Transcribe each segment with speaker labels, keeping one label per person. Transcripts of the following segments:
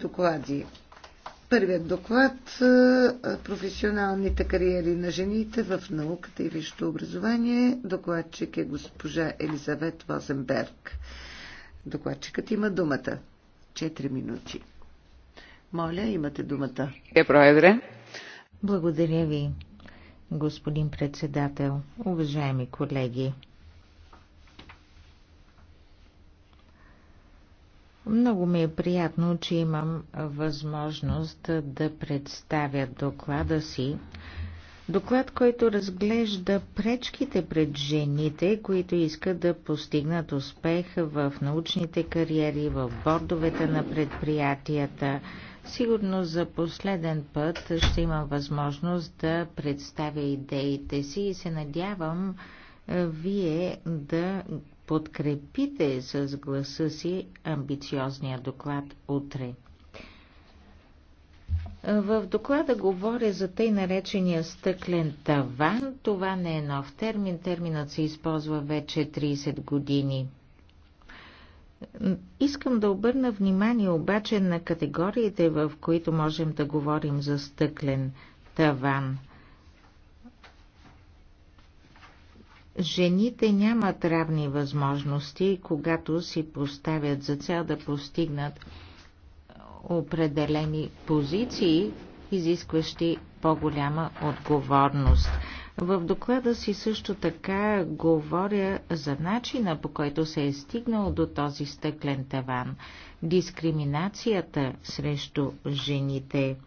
Speaker 1: доклади. Първият доклад е, – професионалните кариери на жените в науката и висшето образование. Докладчик е госпожа Елизавет Возенберг. Докладчикът има думата. Четири минути.
Speaker 2: Моля, имате
Speaker 1: думата. Е, проедре.
Speaker 2: Благодаря ви, господин председател. Уважаеми колеги, Много ми е приятно, че имам възможност да представя доклада си. Доклад, който разглежда пречките пред жените, които искат да постигнат успех в научните кариери, в бордовете на предприятията. Сигурно за последен път ще имам възможност да представя идеите си и се надявам вие да подкрепите с гласа си амбициозния доклад утре. В доклада говоря за тъй наречения стъклен таван. Това не е нов термин. Терминът се използва вече 30 години. Искам да обърна внимание обаче на категориите, в които можем да говорим за стъклен таван – Жените нямат равни възможности, когато си поставят за цел да постигнат определени позиции, изискващи по-голяма отговорност. В доклада си също така говоря за начина по който се е стигнал до този стъклен таван, дискриминацията срещу жените –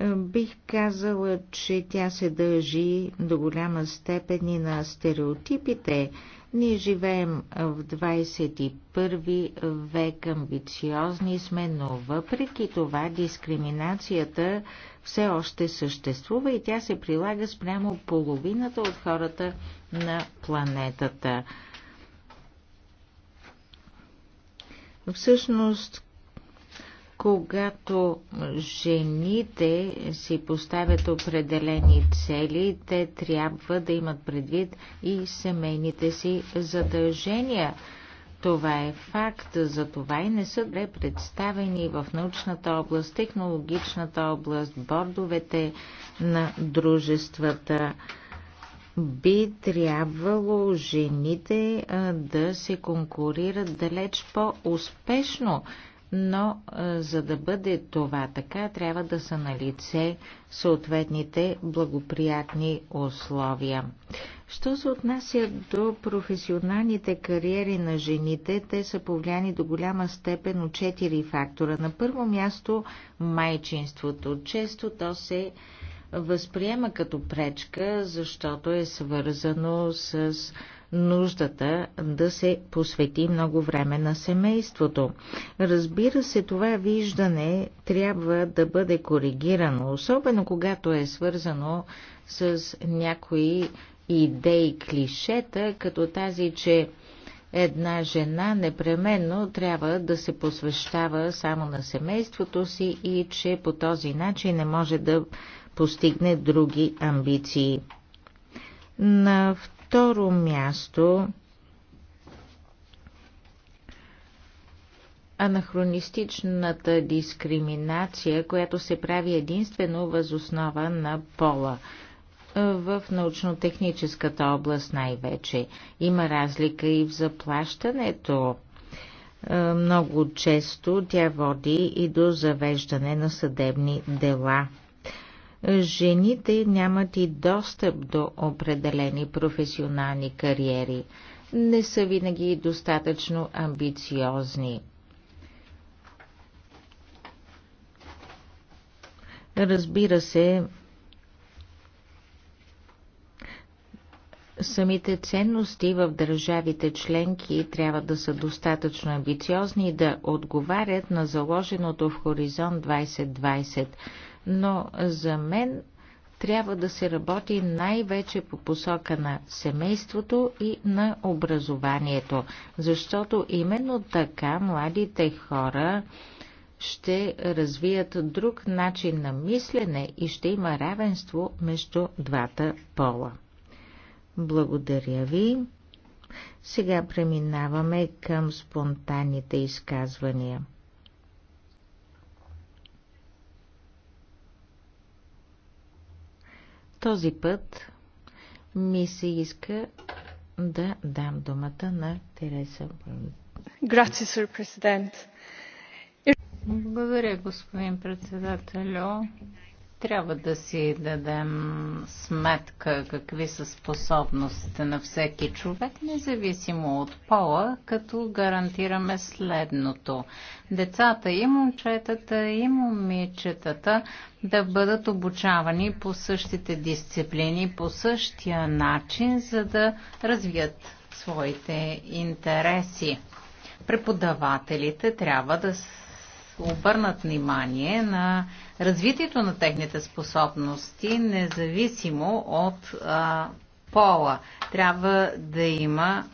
Speaker 2: е, бих казала, че тя се дължи до голяма степен и на стереотипите. Ние живеем в 21 век, амбициозни сме, но въпреки това дискриминацията все още съществува и тя се прилага спрямо половината от хората на планетата. Всъщност, когато жените си поставят определени цели, те трябва да имат предвид и семейните си задължения. Това е факт, за това и не са добре представени в научната област, технологичната област, бордовете на дружествата. Би трябвало жените да се конкурират далеч по-успешно но за да бъде това така, трябва да са на лице съответните благоприятни условия. Що се отнася до професионалните кариери на жените, те са повлияни до голяма степен от четири фактора. На първо място майчинството. Често то се възприема като пречка, защото е свързано с нуждата да се посвети много време на семейството. Разбира се, това виждане трябва да бъде коригирано, особено когато е свързано с някои идеи, клишета, като тази, че една жена непременно трябва да се посвещава само на семейството си и че по този начин не може да постигне други амбиции. На второ място анахронистичната дискриминация, която се прави единствено възоснова на пола. В научно-техническата област най-вече има разлика и в заплащането. Е, много често тя води и до завеждане на съдебни дела жените нямат и достъп до определени професионални кариери, не са винаги достатъчно амбициозни. Разбира се, самите ценности в държавите членки трябва да са достатъчно амбициозни и да отговарят на заложеното в Хоризонт 2020 но за мен трябва да се работи най-вече по посока на семейството и на образованието, защото именно така младите хора ще развият друг начин на мислене и ще има равенство между двата пола. Благодаря ви. Сега преминаваме към спонтанните изказвания. Този път ми се иска да дам думата на Тереса. Грация, Благодаря, господин председателю. Трябва да си дадем сметка какви са способностите на всеки човек, независимо от пола, като гарантираме следното. Децата и момчетата и момичетата да бъдат обучавани по същите дисциплини, по същия начин, за да развият своите интереси. Преподавателите трябва да обърнат внимание на развитието на техните способности, независимо от а, пола. Трябва да има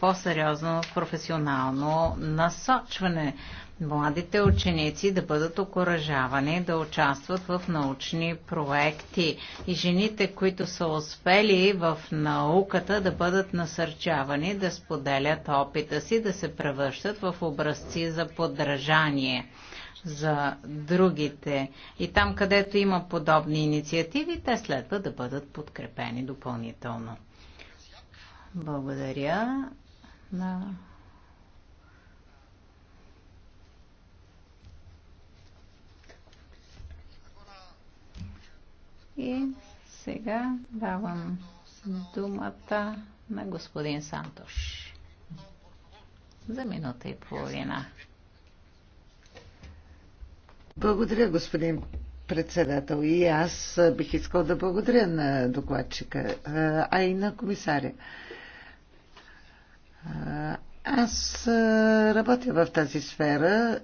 Speaker 2: по-сериозно професионално насочване младите ученици да бъдат окоръжавани да участват в научни проекти и жените, които са успели в науката да бъдат насърчавани да споделят опита си, да се превръщат в образци за подражание за другите. И там, където има подобни инициативи, те следва да бъдат подкрепени допълнително. Благодаря на И сега давам думата на господин Сантош
Speaker 1: за минута и половина. Благодаря, господин председател. И аз бих искал да благодаря на докладчика, а и на комисаря. Аз работя в тази сфера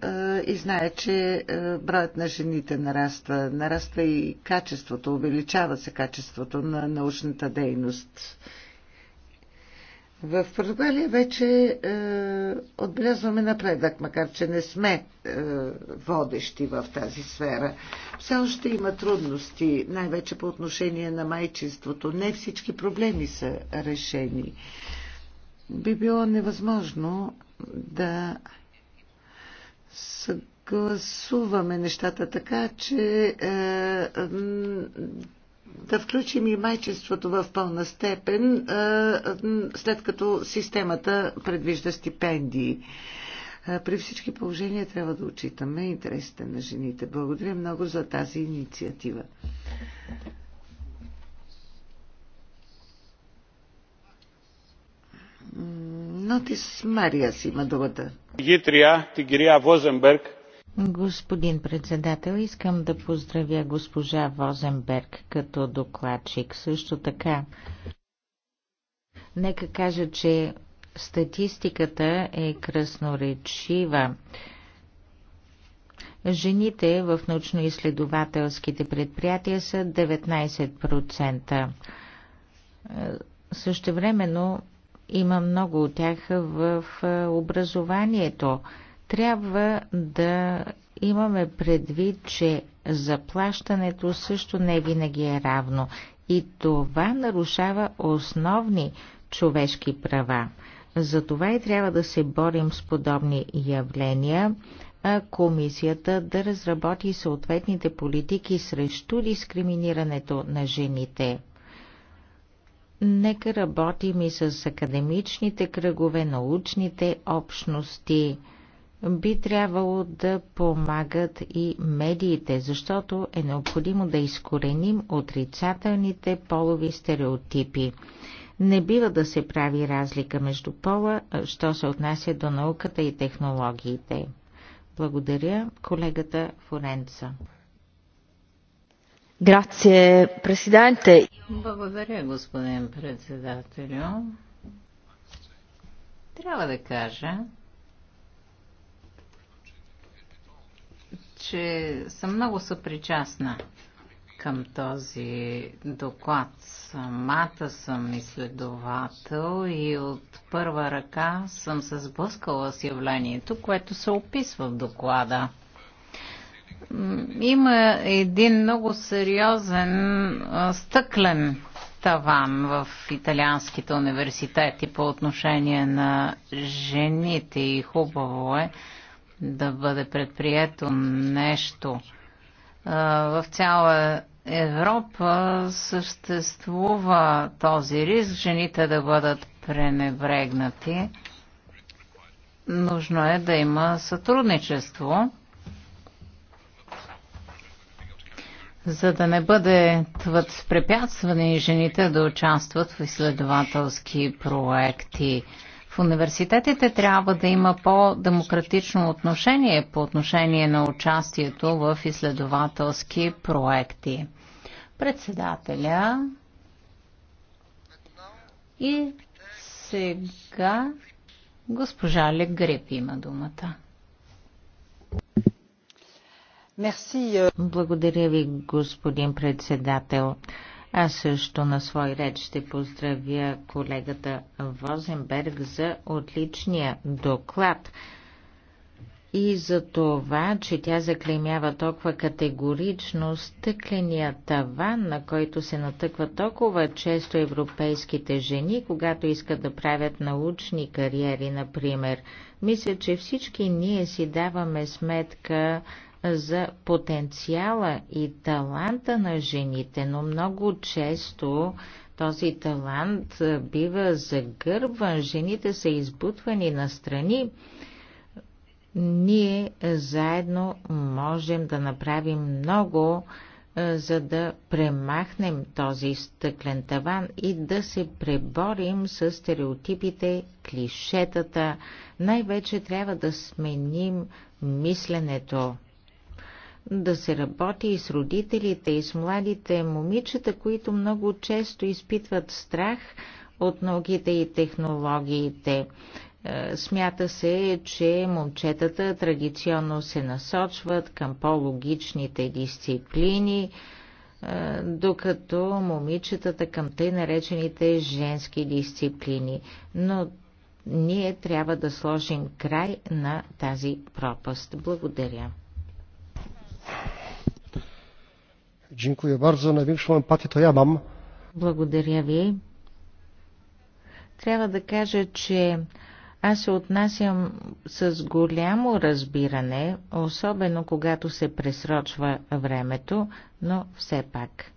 Speaker 1: и знае, че броят на жените нараства. Нараства и качеството, увеличава се качеството на научната дейност. В Португалия вече отбелязваме напредък, макар че не сме водещи в тази сфера. Все още има трудности, най-вече по отношение на майчинството. Не всички проблеми са решени би било невъзможно да съгласуваме нещата така, че е, да включим и майчеството в пълна степен, е, след като системата предвижда стипендии. Е, при всички положения трябва да отчитаме интересите на жените. Благодаря много за тази инициатива. Но ти Мария си има думата. Гитрия, Возенберг.
Speaker 2: Господин председател, искам да поздравя госпожа Возенберг като докладчик. Също така, нека кажа, че статистиката е красноречива. Жените в научно-изследователските предприятия са 19%. също времено. Има много от тях в образованието. Трябва да имаме предвид, че заплащането също не винаги е равно и това нарушава основни човешки права. Затова и трябва да се борим с подобни явления, а комисията да разработи съответните политики срещу дискриминирането на жените. Нека работим и с академичните кръгове, научните общности. Би трябвало да помагат и медиите, защото е необходимо да изкореним отрицателните полови стереотипи. Не бива да се прави разлика между пола, що се отнася до науката и технологиите. Благодаря колегата Форенца. Благодаря, господин председателю. Трябва да кажа, че съм много съпричастна към този доклад. Самата съм изследовател и от първа ръка съм се сблъскала с явлението, което се описва в доклада. Има един много сериозен стъклен таван в италианските университети по отношение на жените и хубаво е да бъде предприето нещо. В цяла Европа съществува този риск жените да бъдат пренебрегнати. Нужно е да има сътрудничество за да не препятстване препятствани жените да участват в изследователски проекти. В университетите трябва да има по-демократично отношение по отношение на участието в изследователски проекти. Председателя и сега госпожа Легреп има думата. Euh. Благодаря ви, господин председател. Аз също на свой ред ще поздравя колегата Возенберг за отличния доклад и за това, че тя заклемява толкова категорично стъкления таван, на който се натъква толкова често европейските жени, когато искат да правят научни кариери, например. Мисля, че всички ние си даваме сметка, за потенциала и таланта на жените, но много често този талант бива загърбван, жените са избутвани настрани. Ние заедно можем да направим много, за да премахнем този стъклен таван и да се преборим с стереотипите, клишетата. Най-вече трябва да сменим мисленето да се работи и с родителите, и с младите момичета, които много често изпитват страх от науките и технологиите. Е, смята се, че момчетата традиционно се насочват към по-логичните дисциплини, е, докато момичетата към тъй наречените женски дисциплини. Но ние трябва да сложим край на тази пропаст. Благодаря.
Speaker 1: Dziękuję bardzo. Największą empatię to ja mam.
Speaker 2: Благодаря ви. Трябва да кажа, че аз се отнасям с голямо разбиране, особено когато се пресрочва времето, но все пак.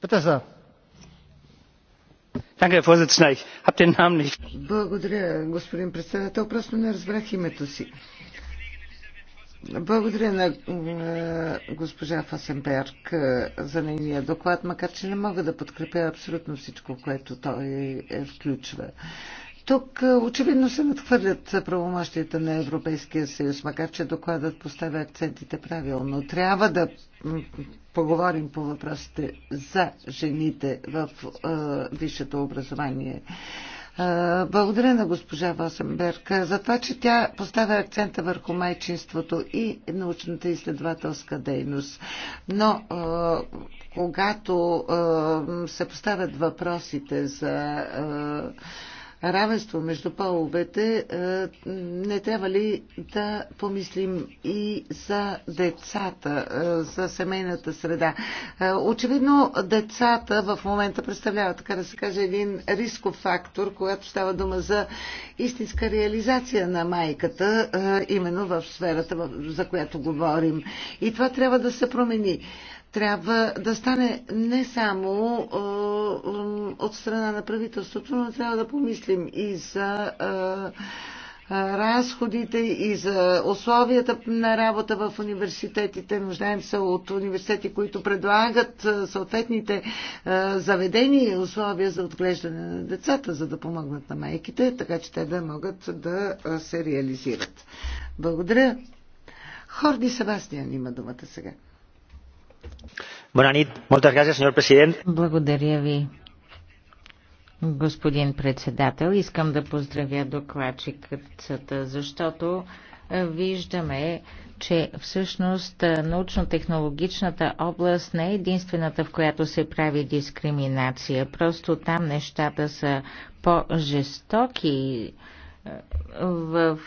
Speaker 1: Петеса. Благодаря, господин председател. Просто не разбрах името си. Благодаря на госпожа Фасенберг за нейния доклад, макар че не мога да подкрепя абсолютно всичко, което той е включва. Тук е, очевидно се надхвърлят правомощията на Европейския съюз, макар че докладът поставя акцентите правилно. Трябва да поговорим по въпросите за жените в е, висшето образование. Е, благодаря на госпожа Восенберг за това, че тя поставя акцента върху майчинството и научната изследователска дейност. Но е, когато се поставят въпросите за равенство между половете, е, не трябва ли да помислим и за децата, е, за семейната среда? Е, очевидно, децата в момента представляват, така да се каже, един рисков фактор, когато става дума за истинска реализация на майката, именно в сферата, за която говорим. И това трябва да се промени трябва да стане не само от страна на правителството, но трябва да помислим и за разходите и за условията на работа в университетите. Нуждаем се от университети, които предлагат съответните заведения и условия за отглеждане на децата, за да помогнат на майките, така че те да могат да се реализират. Благодаря. Хорди Себастиан има думата сега.
Speaker 2: Благодаря ви. Господин председател, искам да поздравя докладчиката, защото виждаме, че всъщност научно-технологичната област не е единствената, в която се прави дискриминация. Просто там нещата са по-жестоки в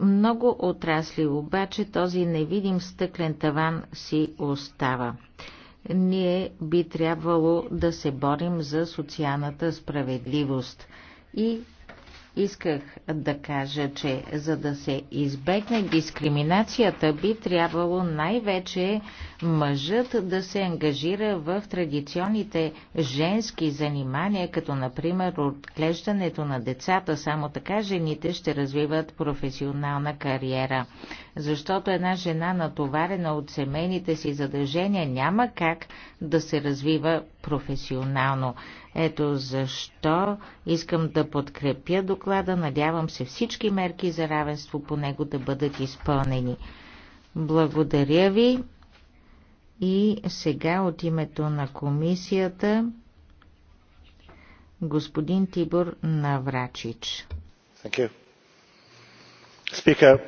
Speaker 2: много отрасли, обаче този невидим стъклен таван си остава. Ние би трябвало да се борим за социалната справедливост и Исках да кажа, че за да се избегне дискриминацията, би трябвало най-вече мъжът да се ангажира в традиционните женски занимания, като например отглеждането на децата. Само така жените ще развиват професионална кариера. Защото една жена, натоварена от семейните си задължения, няма как да се развива професионално. Ето защо искам да подкрепя доклада. Надявам се всички мерки за равенство по него да бъдат изпълнени. Благодаря ви. И сега от името на комисията господин Тибор Наврачич.
Speaker 1: Thank you. Speaker,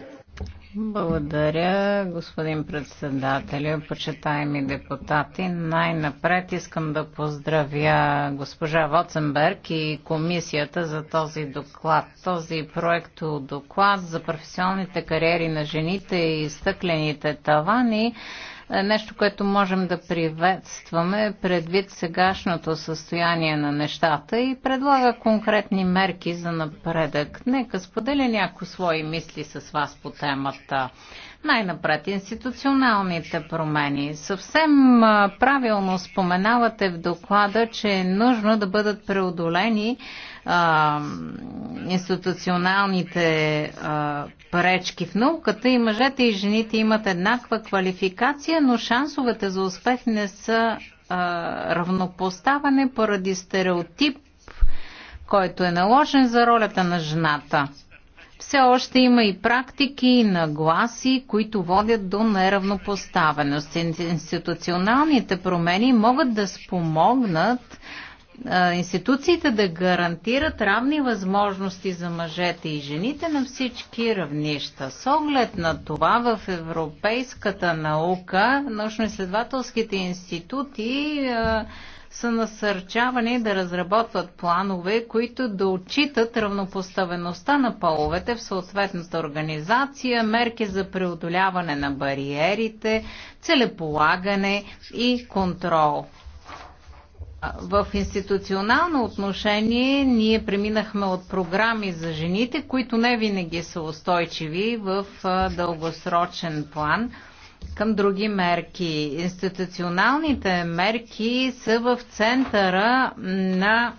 Speaker 2: благодаря, господин председател, почитаеми депутати. Най-напред искам да поздравя госпожа Воценберг и комисията за този доклад. Този проект доклад за професионалните кариери на жените и стъклените тавани е, нещо, което можем да приветстваме предвид сегашното състояние на нещата и предлага конкретни мерки за напредък. Нека споделя някои свои мисли с вас по темата. Най-напред институционалните промени. Съвсем правилно споменавате в доклада, че е нужно да бъдат преодолени а, институционалните а, пречки в науката и мъжете и жените имат еднаква квалификация, но шансовете за успех не са а, равнопоставане поради стереотип, който е наложен за ролята на жената. Все още има и практики и нагласи, които водят до неравнопоставеност. Институционалните промени могат да спомогнат институциите да гарантират равни възможности за мъжете и жените на всички равнища. С оглед на това в европейската наука, научно-изследователските институти а, са насърчавани да разработват планове, които да отчитат равнопоставеността на половете в съответната организация, мерки за преодоляване на бариерите, целеполагане и контрол в институционално отношение ние преминахме от програми за жените, които не винаги са устойчиви в дългосрочен план към други мерки. Институционалните мерки са в центъра на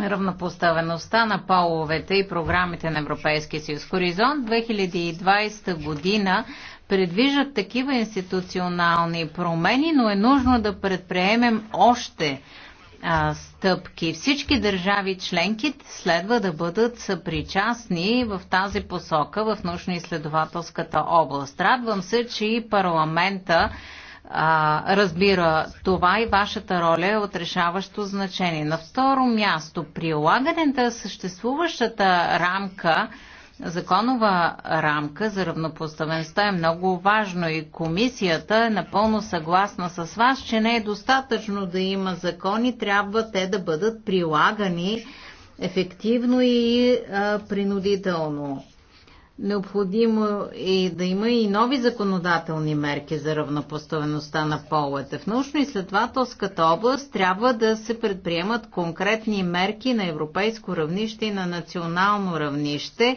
Speaker 2: равнопоставеността на половете и програмите на Европейския съюз. Хоризонт 2020 година предвижат такива институционални промени, но е нужно да предприемем още а, стъпки. Всички държави членки следва да бъдат съпричастни в тази посока в научно-изследователската област. Радвам се, че и парламента а, разбира това и вашата роля е от решаващо значение. На второ място, прилагането на съществуващата рамка законова рамка за равнопоставеността е много важно и комисията е напълно съгласна с вас, че не е достатъчно да има закони, трябва те да бъдат прилагани ефективно и а, принудително. Необходимо е да има и нови законодателни мерки за равнопоставеността на половете. В научно-изследователската област трябва да се предприемат конкретни мерки на европейско равнище и на национално равнище,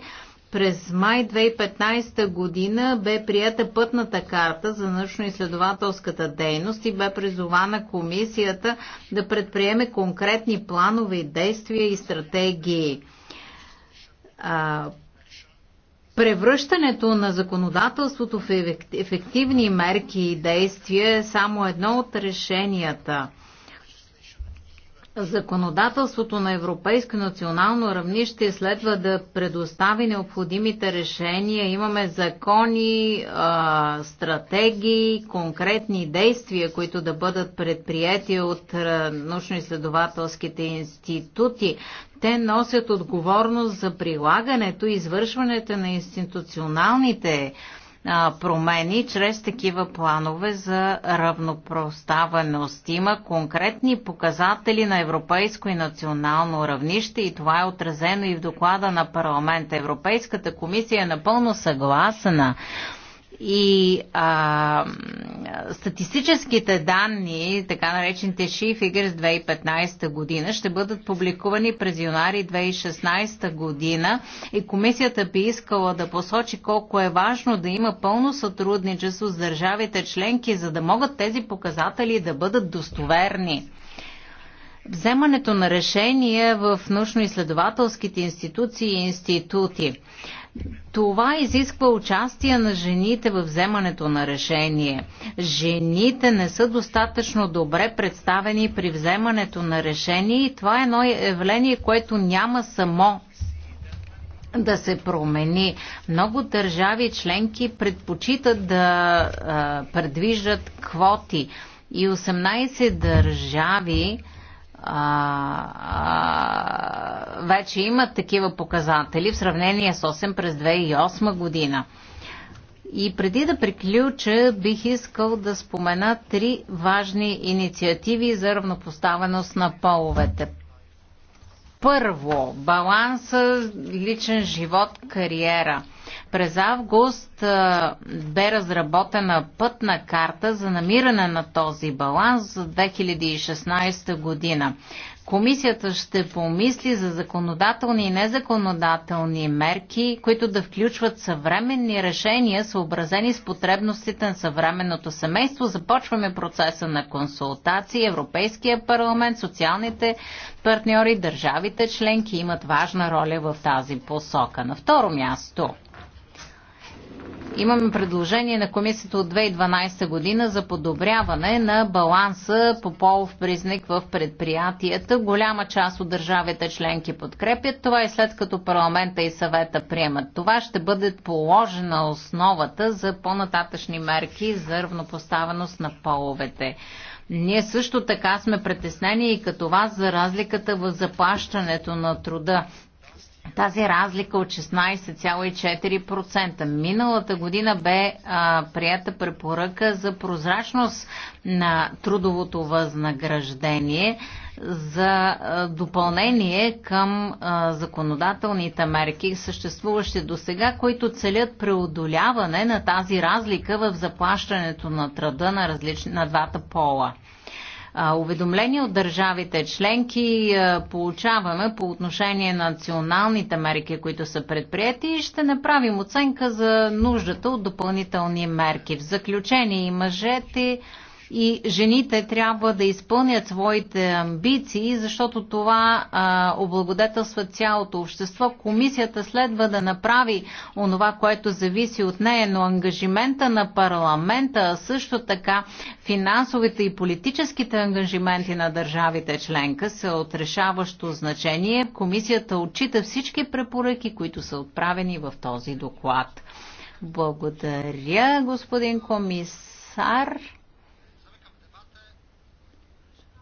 Speaker 2: през май 2015 година бе прията пътната карта за научно-изследователската дейност и бе призована комисията да предприеме конкретни планове, действия и стратегии. Превръщането на законодателството в ефективни мерки и действия е само едно от решенията – Законодателството на европейско национално равнище следва да предостави необходимите решения. Имаме закони, стратегии, конкретни действия, които да бъдат предприяти от научно-изследователските институти. Те носят отговорност за прилагането и извършването на институционалните а, промени чрез такива планове за равнопроставеност. Има конкретни показатели на европейско и национално равнище и това е отразено и в доклада на парламента. Европейската комисия е напълно съгласна и а, статистическите данни, така наречените She Figures 2015 година, ще бъдат публикувани през юнари 2016 година и комисията би искала да посочи колко е важно да има пълно сътрудничество с държавите членки, за да могат тези показатели да бъдат достоверни. Вземането на решения в научно-изследователските институции и институти това изисква участие на жените във вземането на решение. Жените не са достатъчно добре представени при вземането на решение и това е едно явление, което няма само да се промени. Много държави членки предпочитат да предвиждат квоти и 18 държави а, а, вече имат такива показатели в сравнение с 8 през 2008 година. И преди да приключа, бих искал да спомена три важни инициативи за равнопоставеност на половете. Първо, баланса личен живот-кариера – през август бе разработена пътна карта за намиране на този баланс за 2016 година. Комисията ще помисли за законодателни и незаконодателни мерки, които да включват съвременни решения, съобразени с потребностите на съвременното семейство. Започваме процеса на консултации. Европейския парламент, социалните партньори, държавите членки имат важна роля в тази посока. На второ място Имаме предложение на комисията от 2012 година за подобряване на баланса по полов признак в предприятията. Голяма част от държавите членки подкрепят това и след като парламента и съвета приемат това, ще бъде положена основата за по-нататъчни мерки за равнопоставеност на половете. Ние също така сме притеснени и като вас за разликата в заплащането на труда тази разлика от 16,4%. Миналата година бе а, прията препоръка за прозрачност на трудовото възнаграждение за а, допълнение към а, законодателните мерки, съществуващи до сега, които целят преодоляване на тази разлика в заплащането на труда на, различ... на двата пола уведомления от държавите членки получаваме по отношение на националните мерки, които са предприяти и ще направим оценка за нуждата от допълнителни мерки. В заключение и мъжете и жените трябва да изпълнят своите амбиции, защото това а, облагодетелства цялото общество. Комисията следва да направи онова, което зависи от нея, но ангажимента на парламента, а също така финансовите и политическите ангажименти на държавите членка са от решаващо значение. Комисията отчита всички препоръки, които са отправени в този доклад. Благодаря, господин комисар.